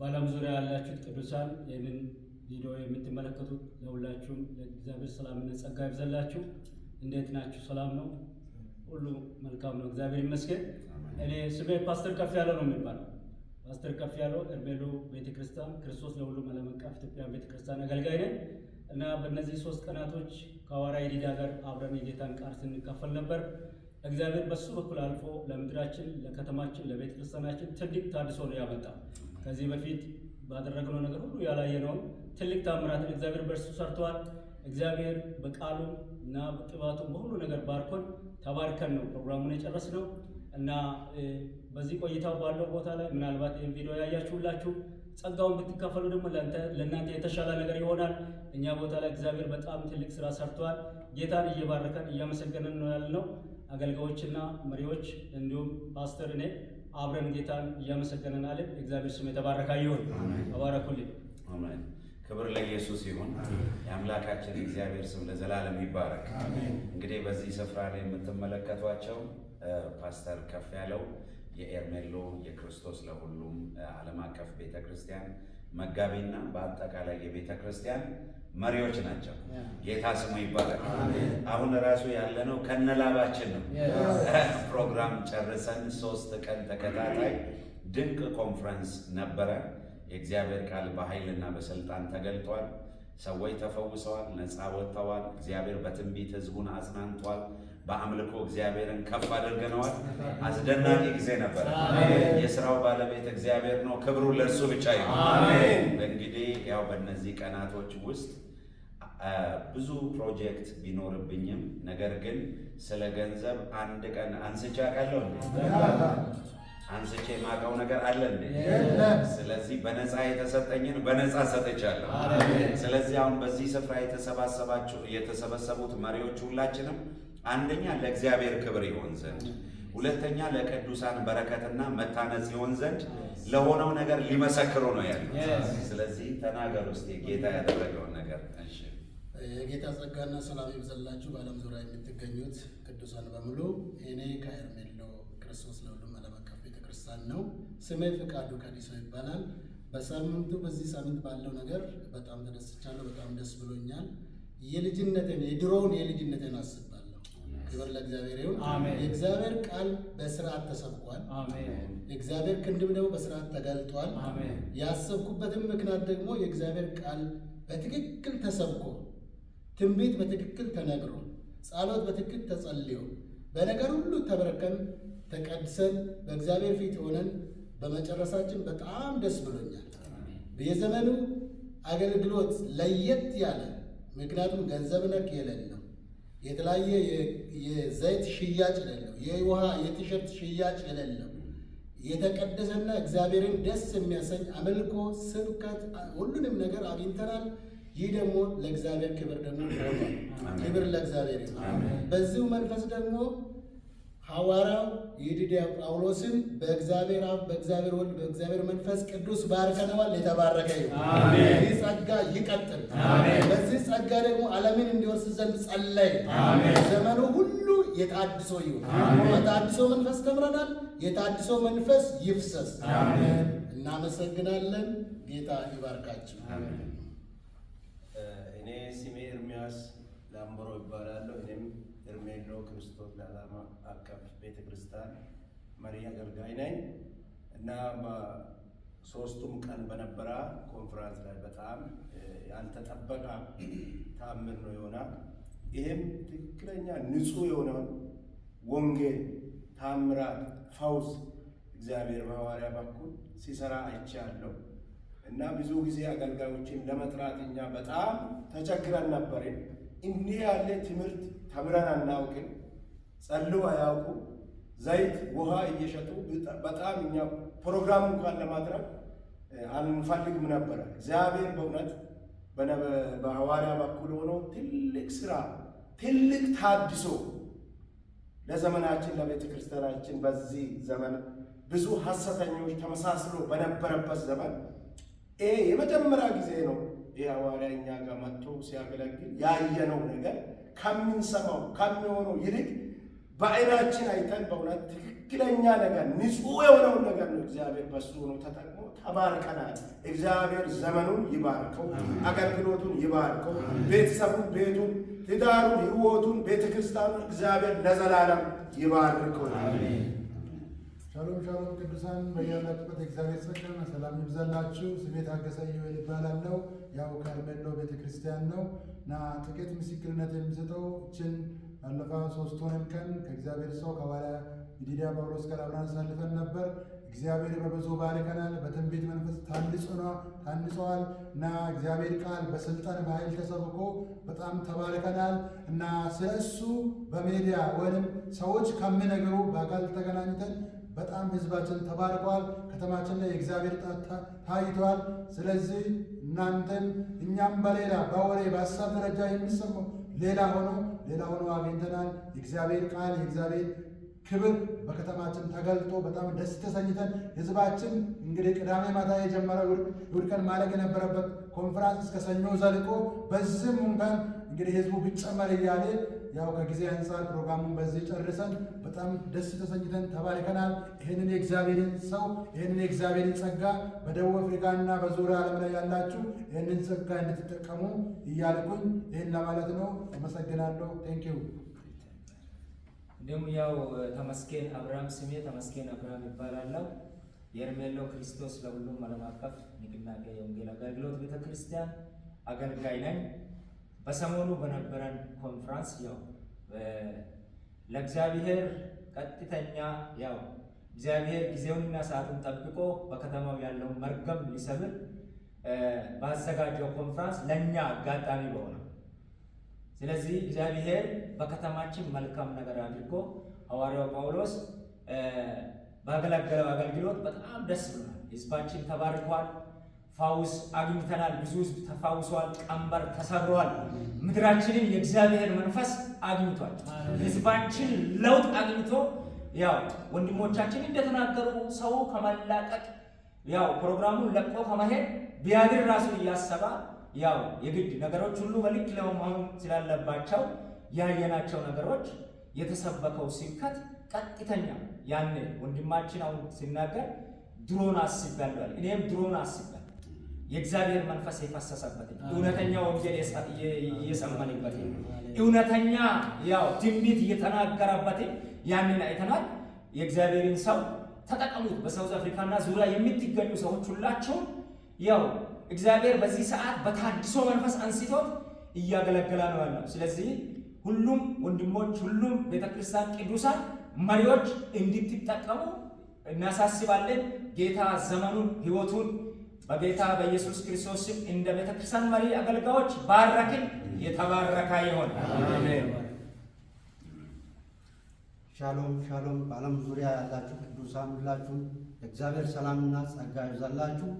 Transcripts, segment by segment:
በዓለም ዙሪያ ያላችሁት ቅዱሳን ይህንን ቪዲዮ የምትመለከቱት ለሁላችሁም ለእግዚአብሔር ሰላምና ጸጋ ይብዛላችሁ። እንዴት ናችሁ? ሰላም ነው? ሁሉ መልካም ነው፣ እግዚአብሔር ይመስገን። እኔ ስሜ ፓስተር ከፍ ያለው ነው የሚባለው። ፓስተር ከፍ ያለው እርቤሎ ቤተክርስቲያን ክርስቶስ ለሁሉም ዓለም አቀፍ ኢትዮጵያን ቤተክርስቲያን አገልጋይ ነን እና በእነዚህ ሶስት ቀናቶች ከሐዋርያ ይዲዳ ጋር አብረን የጌታን ቃል ስንካፈል ነበር። እግዚአብሔር በሱ በኩል አልፎ ለምድራችን፣ ለከተማችን፣ ለቤተክርስቲያናችን ትልቅ ታድሶ ነው ያመጣ ከዚህ በፊት ባደረግነው ነገር ሁሉ ያላየነውን ትልቅ ታምራትን እግዚአብሔር በእርሱ ሰርተዋል። እግዚአብሔር በቃሉ እና በቅባቱ በሁሉ ነገር ባርኮን ተባርከን ነው ፕሮግራሙን የጨረስነው እና በዚህ ቆይታው ባለው ቦታ ላይ ምናልባት ይህን ቪዲዮ ያያችሁላችሁ ጸጋውን ብትከፈሉ ደግሞ ለእናንተ የተሻለ ነገር ይሆናል። እኛ ቦታ ላይ እግዚአብሔር በጣም ትልቅ ስራ ሰርተዋል። ጌታን እየባረከን እያመሰገነን ነው ያልነው አገልጋዮችና መሪዎች እንዲሁም ፓስተር እኔ አብረን ጌታን እያመሰገንን አለን። እግዚአብሔር ስም የተባረከ ይሁን። ተባረኩልኝ። አሜን። ክብር ለኢየሱስ ይሁን። የአምላካችን እግዚአብሔር ስም ለዘላለም ይባረክ። እንግዲህ በዚህ ስፍራ ላይ የምትመለከቷቸው ፓስተር ከፍ ያለው የኤርሜሎ የክርስቶስ ለሁሉም ዓለም አቀፍ ቤተክርስቲያን መጋቢና በአጠቃላይ የቤተክርስቲያን መሪዎች ናቸው። ጌታ ስሙ ይባላል። አሁን ራሱ ያለነው ከነላባችን ነው። ፕሮግራም ጨርሰን ሶስት ቀን ተከታታይ ድንቅ ኮንፈረንስ ነበረ። የእግዚአብሔር ቃል በኃይልና በስልጣን ተገልጧል። ሰዎች ተፈውሰዋል፣ ነፃ ወጥተዋል። እግዚአብሔር በትንቢት ህዝቡን አጽናንቷል። በአምልኮ እግዚአብሔርን ከፍ አድርገነዋል። አስደናቂ ጊዜ ነበር። የስራው ባለቤት እግዚአብሔር ነው። ክብሩ ለእርሱ ብቻ ይሁን። እንግዲህ ያው በእነዚህ ቀናቶች ውስጥ ብዙ ፕሮጀክት ቢኖርብኝም ነገር ግን ስለ ገንዘብ አንድ ቀን አንስቼ አውቃለሁ? አንስቼ የማውቀው ነገር አለ እንዴ? ስለዚህ በነፃ የተሰጠኝን በነፃ ሰጥቻለሁ። ስለዚህ አሁን በዚህ ስፍራ የተሰባሰባችሁ የተሰበሰቡት መሪዎች ሁላችንም አንደኛ ለእግዚአብሔር ክብር ይሆን ዘንድ፣ ሁለተኛ ለቅዱሳን በረከትና መታነጽ ይሆን ዘንድ ለሆነው ነገር ሊመሰክሩ ነው ያሉት። ስለዚህ ተናገር ውስጥ ጌታ ያደረገውን ነገር። የጌታ ጸጋና ሰላም ይብዛላችሁ። በዓለም ዙሪያ የምትገኙት ቅዱሳን በሙሉ እኔ ከሄርሜሎ ክርስቶስ ለሁሉም ዓለም አቀፍ ቤተክርስቲያን ነው። ስሜ ፍቃዱ ከዲሶ ይባላል። በሳምንቱ በዚህ ሳምንት ባለው ነገር በጣም ተደስቻለሁ። በጣም ደስ ብሎኛል። የልጅነትን የድሮውን የልጅነትን አስብ ክብር ለእግዚአብሔር ይሁን። የእግዚአብሔር ቃል በስርዓት ተሰብኳል። የእግዚአብሔር ክንድም ደግሞ በስርዓት ተገልጧል። ያሰብኩበትም ምክንያት ደግሞ የእግዚአብሔር ቃል በትክክል ተሰብኮ፣ ትንቢት በትክክል ተነግሮ፣ ጸሎት በትክክል ተጸልዮ፣ በነገር ሁሉ ተበረከን ተቀድሰን በእግዚአብሔር ፊት ሆነን በመጨረሳችን በጣም ደስ ብሎኛል። የዘመኑ አገልግሎት ለየት ያለ ምክንያቱም ገንዘብ ነክ የሌለው የተለያየ የዘይት ሽያጭ የሌለው የውሃ የቲሸርት ሽያጭ የሌለው የተቀደሰና እግዚአብሔርን ደስ የሚያሰኝ አምልኮ፣ ስብከት፣ ሁሉንም ነገር አግኝተናል። ይህ ደግሞ ለእግዚአብሔር ክብር ደግሞ ክብር ለእግዚአብሔር። በዚሁ መንፈስ ደግሞ ሐዋርያው የዲዲያ ጳውሎስን በእግዚአብሔር አብ በእግዚአብሔር ወልድ በእግዚአብሔር መንፈስ ቅዱስ ባርከነዋል። የተባረከ ይሁን። ይህ ጸጋ ይቀጥል። በዚህ ጸጋ ደግሞ ዓለምን እንዲወርስ ዘንድ ጸለይ። ዘመኑ ሁሉ የታድሶ ይሁን። የታድሶ መንፈስ ተምረናል። የታድሶ መንፈስ ይፍሰስ። እናመሰግናለን። ጌታ ይባርካችሁ። እኔ ስሜ ኤርሚያስ ላምበሮ ይባላለሁ። እኔም ሄርሜሎ ክርስቶስ ለዓለም አቀፍ ቤተ መሪ አገልጋይ ነኝ እና በሶስቱም ቀን በነበረ ኮንፈረንስ ላይ በጣም ያልተጠበቀ ታምር ነው የሆነ። ይህም ትክክለኛ ንጹሕ የሆነ ወንጌል ታምራት፣ ፈውስ እግዚአብሔር በሐዋርያ በኩል ሲሰራ አይቻለሁ እና ብዙ ጊዜ አገልጋዮችን ለመጥራት እኛ በጣም ተቸግረን ነበርን። እንዲህ ያለ ትምህርት ተምረን አናውቅም። ጸሎ አያውቁ ዘይት ውሃ እየሸጡ በጣም እኛ ፕሮግራም እንኳን ለማድረግ አንፈልግም ነበረ። እግዚአብሔር በእውነት በሐዋርያ በኩል ሆኖ ትልቅ ስራ ትልቅ ታድሶ ለዘመናችን ለቤተ ክርስቲያናችን በዚህ ዘመን ብዙ ሐሰተኞች ተመሳስሎ በነበረበት ዘመን ይሄ የመጀመሪያ ጊዜ ነው ይህ ሐዋርያ እኛ ጋር መጥቶ ሲያገለግል ያየነው ነገር ከምንሰማው ከሚሆነው ይልቅ በአይናችን አይተን በእውነት ትክክለኛ ነገር ንጹሕ የሆነውን ነገር ነው እግዚአብሔር በሱ ሆኖ ተጠቅሞ ተባርከናል። እግዚአብሔር ዘመኑን ይባርከው፣ አገልግሎቱን ይባርከው፣ ቤተሰቡን፣ ቤቱን፣ ትዳሩን፣ ሕይወቱን፣ ቤተክርስቲያኑን እግዚአብሔር ለዘላለም ይባርከው። ሻሎም ሻሎም ቅዱሳን በያላችሁበት እግዚአብሔር ጸጋና ሰላም ይብዛላችሁ። ስሜ ታገሰ ኢዮኤል እባላለሁ። ያው ካርሜሎ ቤተክርስቲያን ነው እና ጥቂት ምስክርነት የሚሰጠው እችን ባለፈው ሶስት ሶስቱንም ቀን ከእግዚአብሔር ሰው ከሐዋርያ ይዲድያ ጳውሎስ ጋር አብረን አሳልፈን ነበር። እግዚአብሔር በብዙ ባርከናል። በትንቢት መንፈስ ነው ታንጸዋል እና እግዚአብሔር ቃል በስልጣን በኃይል ተሰብኮ በጣም ተባርከናል እና ስለ እሱ በሜዲያ ወይም ሰዎች ከሚነግሩ በአካል ተገናኝተን በጣም ህዝባችን ተባርቋል። ከተማችን ላይ የእግዚአብሔር ታይቷል። ስለዚህ እናንተን እኛም በሌላ በወሬ በሀሳብ ደረጃ የሚሰማው ሌላ ሆኖ ሌላ ሆኖ አግኝተናል። የእግዚአብሔር ቃል የእግዚአብሔር ክብር በከተማችን ተገልጦ በጣም ደስ ተሰኝተን ህዝባችን እንግዲህ ቅዳሜ ማታ የጀመረው ውድቀን ቀን ማለቅ የነበረበት ኮንፍራንስ እስከ ሰኞ ዘልቆ በዚህም እንኳን እንግዲህ ህዝቡ ቢጨመር እያለ ያው ከጊዜ አንጻር ፕሮግራሙን በዚህ ጨርሰን በጣም ደስ ተሰኝተን ተባርከናል። ይህንን የእግዚአብሔርን ሰው ይህንን የእግዚአብሔርን ጸጋ በደቡብ አፍሪካና በዙሪያ ዓለም ላይ ያላችሁ ይህንን ጸጋ እንድትጠቀሙ እያልኩኝ ይህን ለማለት ነው። አመሰግናለሁ። ቴንኪዩ። እንዲሁም ያው ተመስገን አብርሃም ስሜ ተመስገን አብርሃም ይባላለሁ። የእርሜሎ ክርስቶስ ለሁሉም ዓለም አቀፍ ንቅናቄ የወንጌል አገልግሎት ቤተክርስቲያን አገልጋይ ነኝ። በሰሞኑ በነበረን ኮንፍራንስ ያው ለእግዚአብሔር ቀጥተኛ ያው እግዚአብሔር ጊዜውንና ሰዓቱን ጠብቆ በከተማው ያለውን መርገም ሊሰብር ባዘጋጀው ኮንፍራንስ ለእኛ አጋጣሚ በሆነ ስለዚህ እግዚአብሔር በከተማችን መልካም ነገር አድርጎ ሐዋርያው ጳውሎስ ባገለገለው አገልግሎት በጣም ደስ ብሏል። ህዝባችን ተባርኳል። ፋውስ አግኝተናል። ብዙ ህዝብ ተፋውሰዋል። ቀንበር ተሰብረዋል። ምድራችንን የእግዚአብሔር መንፈስ አግኝቷል። ህዝባችን ለውጥ አግኝቶ ያው ወንድሞቻችን እንደተናገሩ ሰው ከመላቀቅ ያው ፕሮግራሙን ለቆ ከመሄድ ቢያድር ራሱ እያሰባ ያው የግድ ነገሮች ሁሉ በልክ ለመሆን ስላለባቸው ያየናቸው ነገሮች የተሰበከው ስብከት ቀጥተኛ ያንን ወንድማችን አሁን ሲናገር ድሮን አስቤያለሁ። እኔም ድሮን አስቤያለሁ የእግዚአብሔር መንፈስ የፈሰሰበት እውነተኛ ወንጌል እየሰማንበት እውነተኛ ያው ትንቢት እየተናገረበት ያንን አይተናል። የእግዚአብሔርን ሰው ተጠቀሙት። በሳውዝ አፍሪካና ዙሪያ የምትገኙ ሰዎች ሁላችሁም ያው እግዚአብሔር በዚህ ሰዓት በታድሶ መንፈስ አንስቶት እያገለገለ ነው ያለው። ስለዚህ ሁሉም ወንድሞች፣ ሁሉም ቤተክርስቲያን ቅዱሳን መሪዎች እንድትጠቀሙ እናሳስባለን። ጌታ ዘመኑን ህይወቱን በጌታ በኢየሱስ ክርስቶስ ስም እንደ ቤተክርስቲያን መሪ አገልጋዮች ባረክን። የተባረከ ይሆን። ሻሎም ሻሎም። በዓለም ዙሪያ ያላችሁ ቅዱሳን ሁላችሁ እግዚአብሔር ሰላምና ጸጋ ይብዛላችሁ።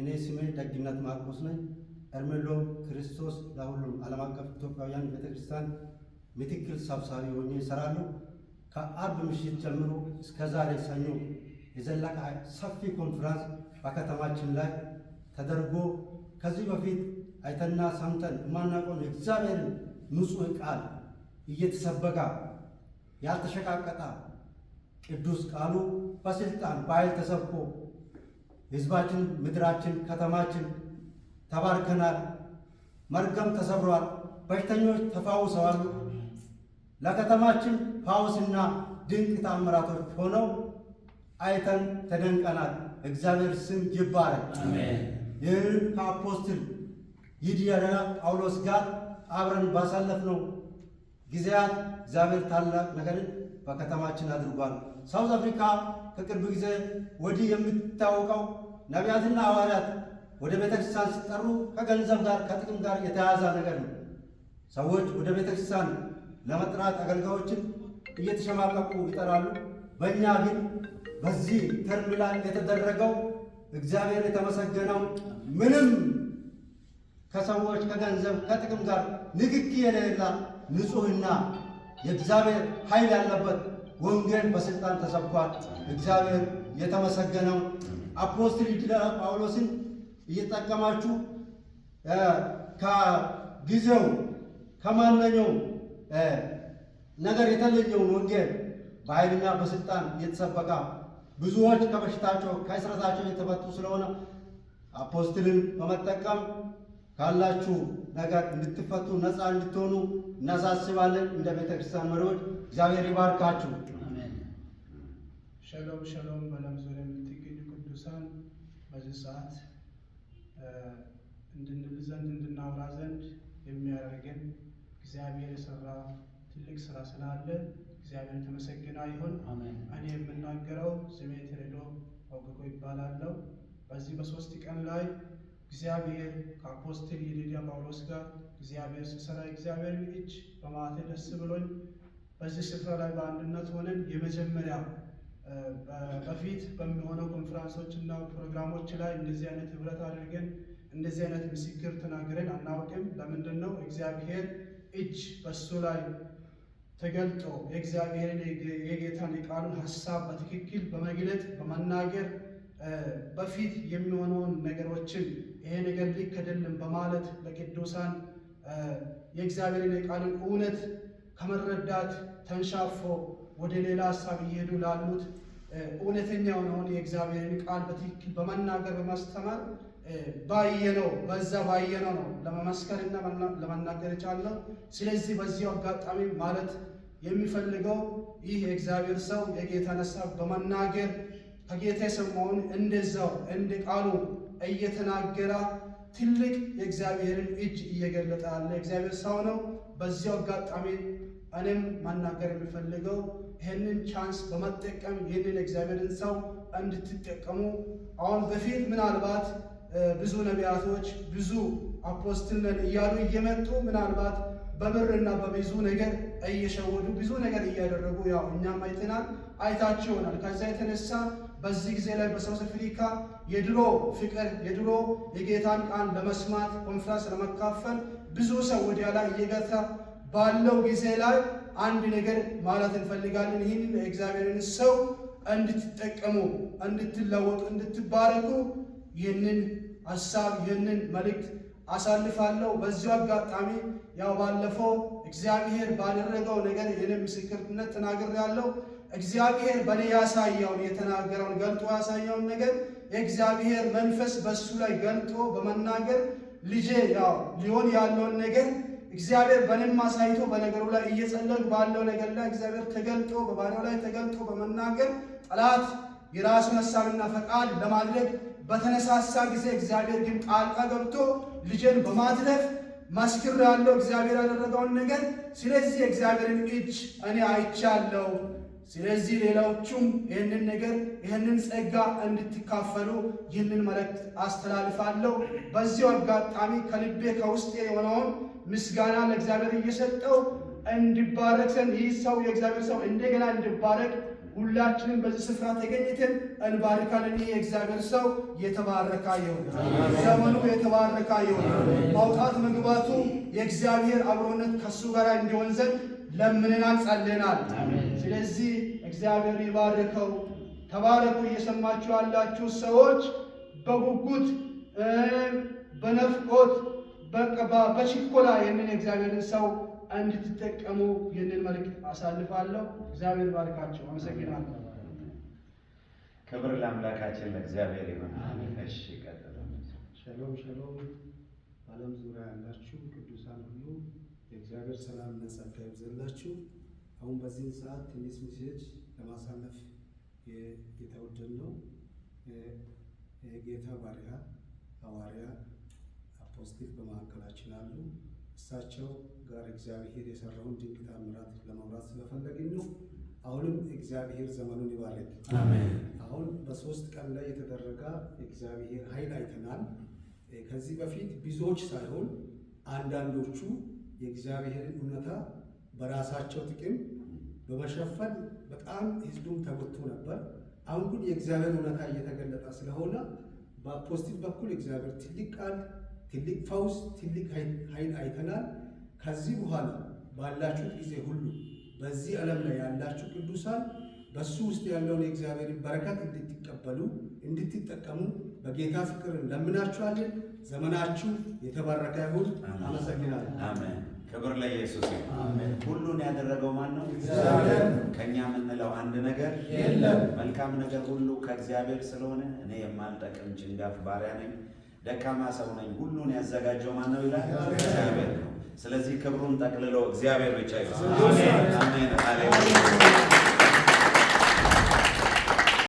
እኔ ስሜ ደግነት ማርቆስ ነኝ። እርምሎ ክርስቶስ ለሁሉም ዓለም አቀፍ ኢትዮጵያውያን ቤተክርስቲያን ምትክል ሰብሳቢ ሆኜ ይሰራሉ። ከአርብ ምሽት ጀምሮ እስከ ዛሬ ሰኞ የዘለቀ ሰፊ ኮንፍራንስ በከተማችን ላይ ተደርጎ ከዚህ በፊት አይተና ሰምተን የማናውቀውን የእግዚአብሔር ንጹሕ ቃል እየተሰበካ ያልተሸቃቀጠ ቅዱስ ቃሉ በስልጣን በኃይል ተሰብኮ ህዝባችን፣ ምድራችን፣ ከተማችን ተባርከናል። መርገም ተሰብሯል። በሽተኞች ተፋውሰዋል። ለከተማችን ፋውስና ድንቅ ተአምራቶች ሆነው አይተን ተደንቀናል። እግዚአብሔር ስም ይባረክ። ይህን ከአፖስትል ይድያና ጳውሎስ ጋር አብረን ባሳለፍነው ጊዜያት እግዚአብሔር ታላቅ ነገርን በከተማችን አድርጓል። ሳውዝ አፍሪካ ከቅርብ ጊዜ ወዲህ የምታወቀው ነቢያትና ሐዋርያት ወደ ቤተክርስቲያን ሲጠሩ ከገንዘብ ጋር ከጥቅም ጋር የተያያዘ ነገር ነው። ሰዎች ወደ ቤተክርስቲያን ለመጥራት አገልጋዮችን እየተሸማቀቁ ይጠራሉ። በእኛ ግን በዚህ ተርም ላይ የተደረገው እግዚአብሔር የተመሰገነው ምንም ከሰዎች ከገንዘብ ከጥቅም ጋር ንግግ የሌላ ንጹህና የእግዚአብሔር ኃይል ያለበት ወንጌል በስልጣን ተሰብኳል። እግዚአብሔር የተመሰገነው አፖስትል ጳውሎስን እየጠቀማችሁ ከጊዜው ከማንኛውም ነገር የተለየውን ወንጌል በኃይልና በስልጣን የተሰበቃ ብዙዎች ከበሽታቸው ከእስረታቸው የተፈቱ ስለሆነ አፖስትልን በመጠቀም ካላችሁ ነገር እንድትፈቱ ነፃ እንድትሆኑ እናሳስባለን። እንደ ቤተ ክርስቲያን መሪዎች እግዚአብሔር ይባርካችሁ። ሸሎም ሸሎም። በዓለም ዙሪያ የምትገኙ ቅዱሳን በዚህ ሰዓት እንድንል ዘንድ እንድናወራ ዘንድ የሚያደርገን እግዚአብሔር የሰራ ትልቅ ስራ ስላለ እግዚአብሔር የተመሰገነ ይሁን። እኔ የምናገረው ስሜ ቴሬዶ አውግጎ ይባላለሁ። በዚህ በሶስት ቀን ላይ እግዚአብሔር ከአፖስትል ይድድያ ጳውሎስ ጋር እግዚአብሔር ስሰራ እግዚአብሔር እጅ በማተ ደስ ብሎኝ በዚህ ስፍራ ላይ በአንድነት ሆነን የመጀመሪያ በፊት በሚሆነው ኮንፈረንሶች እና ፕሮግራሞች ላይ እንደዚህ አይነት ህብረት አድርገን እንደዚህ አይነት ምስክር ተናግረን አናውቅም። ለምንድን ነው እግዚአብሔር እጅ በሱ ላይ ተገልጦ የእግዚአብሔርን የጌታን የቃሉን ሀሳብ በትክክል በመግለጥ በመናገር በፊት የሚሆነውን ነገሮችን ይሄ ነገር ልክ አይደለም በማለት ለቅዱሳን የእግዚአብሔርን የቃልን እውነት ከመረዳት ተንሻፎ ወደ ሌላ ሀሳብ እየሄዱ ላሉት እውነተኛ የሆነውን የእግዚአብሔርን ቃል በትክክል በመናገር በማስተማር ባየነው በዛ ባየነው ነው ለመመስከርና ለመናገር ቻለው። ስለዚህ በዚያው አጋጣሚ ማለት የሚፈልገው ይህ የእግዚአብሔር ሰው የጌታ ነሳ በመናገር ከጌታ የሰማውን እንደዛው እንደ ቃሉ እየተናገረ ትልቅ የእግዚአብሔርን እጅ እየገለጠ ያለ እግዚአብሔር ሰው ነው። በዚያው አጋጣሚ እኔም መናገር የሚፈልገው ይህንን ቻንስ በመጠቀም ይህንን እግዚአብሔርን ሰው እንድትጠቀሙ አሁን በፊት ምናልባት ብዙ ነቢያቶች ብዙ አፖስትል እያሉ እየመጡ ምናልባት በብርና በብዙ ነገር እየሸወዱ ብዙ ነገር እያደረጉ ያው እኛም አይተናል፣ አይታቸው ይሆናል። ከዛ የተነሳ በዚህ ጊዜ ላይ በሳውዝ አፍሪካ የድሮ ፍቅር የድሮ የጌታን ቃል ለመስማት ኮንፍራንስ ለመካፈል ብዙ ሰው ወዲያ ላይ እየገታ ባለው ጊዜ ላይ አንድ ነገር ማለት እንፈልጋለን። ይህን የእግዚአብሔርን ሰው እንድትጠቀሙ፣ እንድትለወጡ፣ እንድትባረኩ ይህንን ሀሳብ ይህንን መልእክት አሳልፋለሁ። በዚሁ አጋጣሚ ያው ባለፈው እግዚአብሔር ባደረገው ነገር ይህንን ምስክርነት ተናግሬያለሁ። እግዚአብሔር በእኔ ያሳየውን የተናገረውን ገልጦ ያሳየውን ነገር የእግዚአብሔር መንፈስ በእሱ ላይ ገልጦ በመናገር ልጄ ያው ሊሆን ያለውን ነገር እግዚአብሔር በእኔም አሳይቶ በነገሩ ላይ እየጸለቅ ባለው ነገር ላይ እግዚአብሔር ተገልጦ በባሪያው ላይ ተገልጦ በመናገር ጠላት የራሱን ሀሳብና ፈቃድ ለማድረግ በተነሳሳ ጊዜ እግዚአብሔር ግን ጣልቃ ገብቶ ልጄን በማትረፍ መስክር ያለው እግዚአብሔር ያደረገውን ነገር ስለዚህ እግዚአብሔርን እጅ እኔ አይቻለሁ። ስለዚህ ሌሎቹም ይህንን ነገር ይህንን ጸጋ እንድትካፈሉ ይህንን መልእክት አስተላልፋለሁ። በዚሁ አጋጣሚ ከልቤ ከውስጤ የሆነውን ምስጋና ለእግዚአብሔር እየሰጠው ዘንድ ይህ ሰው የእግዚአብሔር ሰው እንደገና እንዲባረክ ሁላችንም በዚህ ስፍራ ተገኝተን እንባርካለን። ይህ የእግዚአብሔር ሰው የተባረከ ይሁን፣ ዘመኑ የተባረከ ይሁን። ማውጣት መግባቱ የእግዚአብሔር አብሮነት ከሱ ጋር እንዲሆን ዘንድ ለምንናል፣ ጸልናል። ስለዚህ እግዚአብሔር ይባርከው። ተባረኩ። እየሰማችሁ ያላችሁ ሰዎች በጉጉት በነፍቆት በችኮላ ይህንን የእግዚአብሔርን ሰው እንድትጠቀሙ ይህንን መልእክት አሳልፋለሁ። እግዚአብሔር ባርካቸው። አመሰግናለሁ። ክብር ለአምላካችን ለእግዚአብሔር ይሆናል። ቀጥሎ ሸሎም ሸሎም። በዓለም ዙሪያ ያላችሁ ቅዱሳን ሁሉ የእግዚአብሔር ሰላም እና ጸጋ ይብዛላችሁ። አሁን በዚህን ሰዓት ትንሽ ሜሴጅ ለማሳለፍ የተወደድ ነው። የጌታ ባሪያ ሐዋርያ አፖስቲል በመካከላችን አሉ። እሳቸው ጋር እግዚአብሔር የሰራውን ድንቅ ተአምራት ለማውራት ስለፈለግን ነው። አሁንም እግዚአብሔር ዘመኑን ይባርክ። አሁን በሶስት ቀን ላይ የተደረገ እግዚአብሔር ኃይል አይተናል። ከዚህ በፊት ብዙዎች ሳይሆን አንዳንዶቹ የእግዚአብሔርን እውነታ በራሳቸው ጥቅም በመሸፈን በጣም ህዝቡም ተጎድቶ ነበር። አሁን ግን የእግዚአብሔር እውነታ እየተገለጠ ስለሆነ በፖስቲቭ በኩል እግዚአብሔር ትልቅ ቃል ትልቅ ፈውስ፣ ትልቅ ኃይል አይተናል። ከዚህ በኋላ ባላችሁት ጊዜ ሁሉ በዚህ ዓለም ላይ ያላችሁ ቅዱሳን በሱ ውስጥ ያለውን የእግዚአብሔርን በረከት እንድትቀበሉ እንድትጠቀሙ በጌታ ፍቅር እንለምናችኋለን። ዘመናችሁ የተባረከ ይሁን። አመሰግናለሁ። አሜን። ክብር ለኢየሱስ ይሁን። ሁሉን ያደረገው ማን ነው? እግዚአብሔር። ከእኛ የምንለው አንድ ነገር የለም። መልካም ነገር ሁሉ ከእግዚአብሔር ስለሆነ እኔ የማልጠቅም ጭንጋፍ ባሪያ ነኝ። ደካማ ሰው ነኝ፣ ሁሉን ያዘጋጀው ማን ነው ይላል? እግዚአብሔር ነው። ስለዚህ ክብሩን ጠቅልሎ እግዚአብሔር ብቻ ይሆናል። አሜን።